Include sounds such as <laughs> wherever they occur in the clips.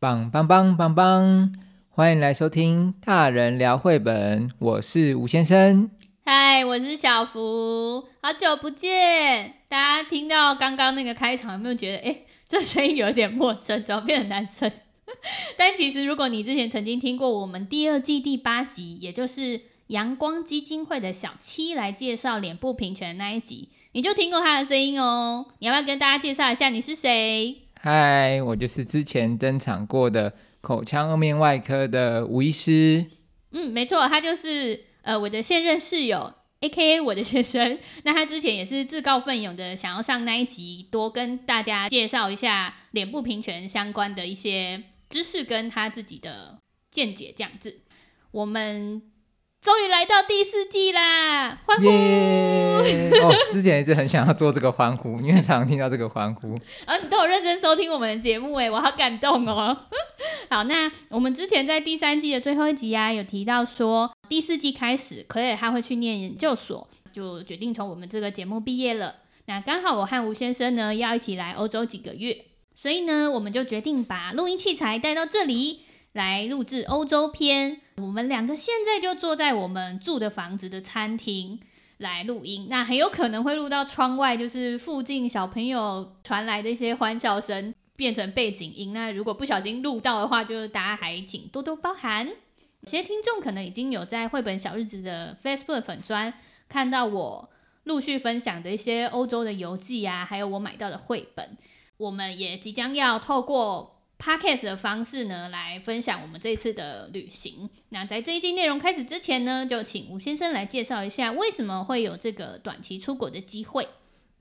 棒棒棒棒棒！歡迎來收聽《大人聊繪本》，我是吳先生。嗨，我是小福，好久不見！大家聽到剛剛那個開場，有沒有覺得，誒，這聲音有點陌生，怎麼變成男生？ <laughs> 但其實，如果你之前曾經聽過我們第二季第八集，也就是陽光基金會的小七來介紹臉部平權的那一集，你就聽過他的聲音哦。你要不要跟大家介紹一下你是誰？嗨，Hi, 我就是之前登場過的口腔頜面外科的吳醫師。嗯，沒錯，他就是呃我的現任室友，A.K.A 我的學生。那他之前也是自告奮勇的想要上那一集，多跟大家介紹一下臉部平權相關的一些知識跟他自己的見解，這樣子。我們。終於來到第四季啦！歡呼、yeah! 哦！之前一直很想要做這個歡呼， <laughs> 因為常常聽到這個歡呼。啊，你都有認真收聽我們的節目耶，我好感動哦。 <laughs> 好，那我們之前在第三季的最後一集啊，有提到說第四季開始，可樂還會去念研究所，就決定從我們這個節目畢業了。那剛好我和吳先生呢，要一起來歐洲幾個月，所以呢，我們就決定把錄音器材帶到這裡。來錄製歐洲篇，我們兩個現在就坐在我們住的房子的餐廳來錄音。那很有可能會錄到窗外，就是附近小朋友傳來的一些歡笑聲，變成背景音。那如果不小心錄到的話，就是大家還請多多包涵。有些聽眾可能已經有在繪本小日子的 Facebook 粉專看到我陸續分享的一些歐洲的遊記啊，還有我買到的繪本。我們也即將要透過。Podcast 的方式呢，來分享我們這一次的旅行。那在這一季內容開始之前呢，就請吳先生來介紹一下為什麼會有這個短期出國的機會。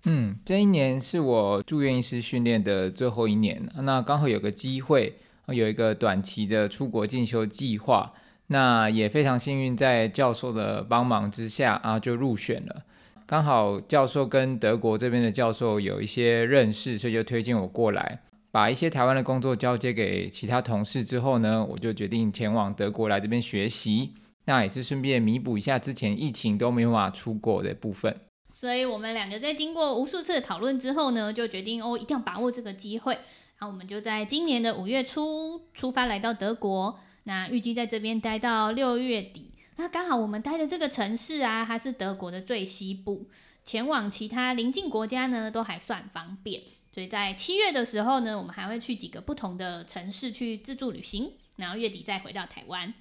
嗯，這一年是我住院醫師訓練的最後一年，那剛好有個機會，有一個短期的出國進修計劃。那也非常幸運，在教授的幫忙之下啊，就入選了。剛好教授跟德國這邊的教授有一些認識，所以就推薦我過來。把一些台灣的工作交接給其他同事之後呢，我就決定前往德國來這邊學習。那也是順便彌補一下之前疫情都沒辦法出國的部分。所以，我們兩個在經過無數次的討論之後呢，就決定哦，一定要把握這個機會。那我們就在今年的五月初出發來到德國。那預計在這邊待到六月底。那剛好我們待的這個城市啊，它是德國的最西部，前往其他鄰近國家呢，都還算方便。所以，在七月的時候呢，我們還會去幾個不同的城市去自助旅行，然後月底再回到台灣。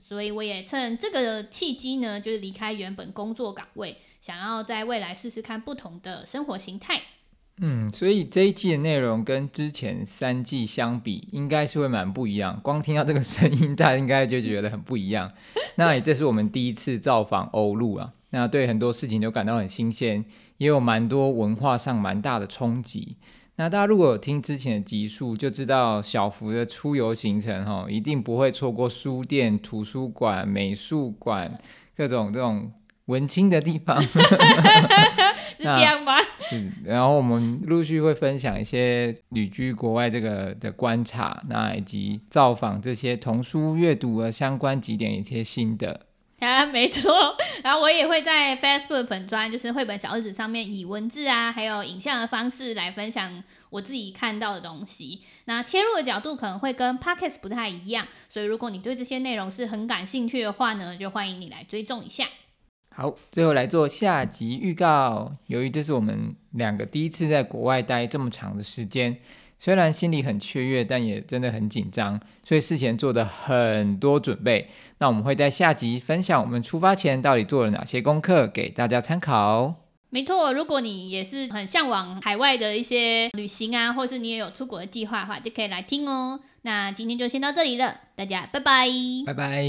所以，我也趁這個契機呢，就是離開原本工作崗位，想要在未來試試看不同的生活形態。嗯，所以這一季的內容跟之前三季相比，應該是會蠻不一樣。光聽到這個聲音，大家應該就覺得很不一樣。那也這是我們第一次造訪歐陸啊，那對很多事情都感到很新鮮，也有蠻多文化上蠻大的衝擊。那大家如果有聽之前的集數，就知道小福的出遊行程哈、哦，一定不會錯過書店、圖書館、美術館，各種這種文青的地方。 <laughs> 是這樣嗎？ <laughs> 然後我們陸續會分享一些旅居國外這個的觀察，那以及造訪這些童書閱讀的相關幾點一些心得。然、啊、沒錯。然後我也會在 Facebook 粉專，就是繪本小日子上面，以文字啊，還有影像的方式來分享我自己看到的東西。那切入的角度可能會跟 Podcast 不太一樣，所以如果你對這些內容是很感興趣的話呢，就歡迎你來追蹤一下。好，最後來做下集預告。由於這是我們兩個第一次在國外待這麼長的時間，雖然心裡很雀躍，但也真的很緊張，所以事前做了很多準備。那我們會在下集分享我們出發前到底做了哪些功課，給大家參考。沒錯，如果你也是很嚮往海外的一些旅行啊，或是你也有出國的計劃的話，就可以來聽哦。那今天就先到這裡了，大家拜拜，拜拜。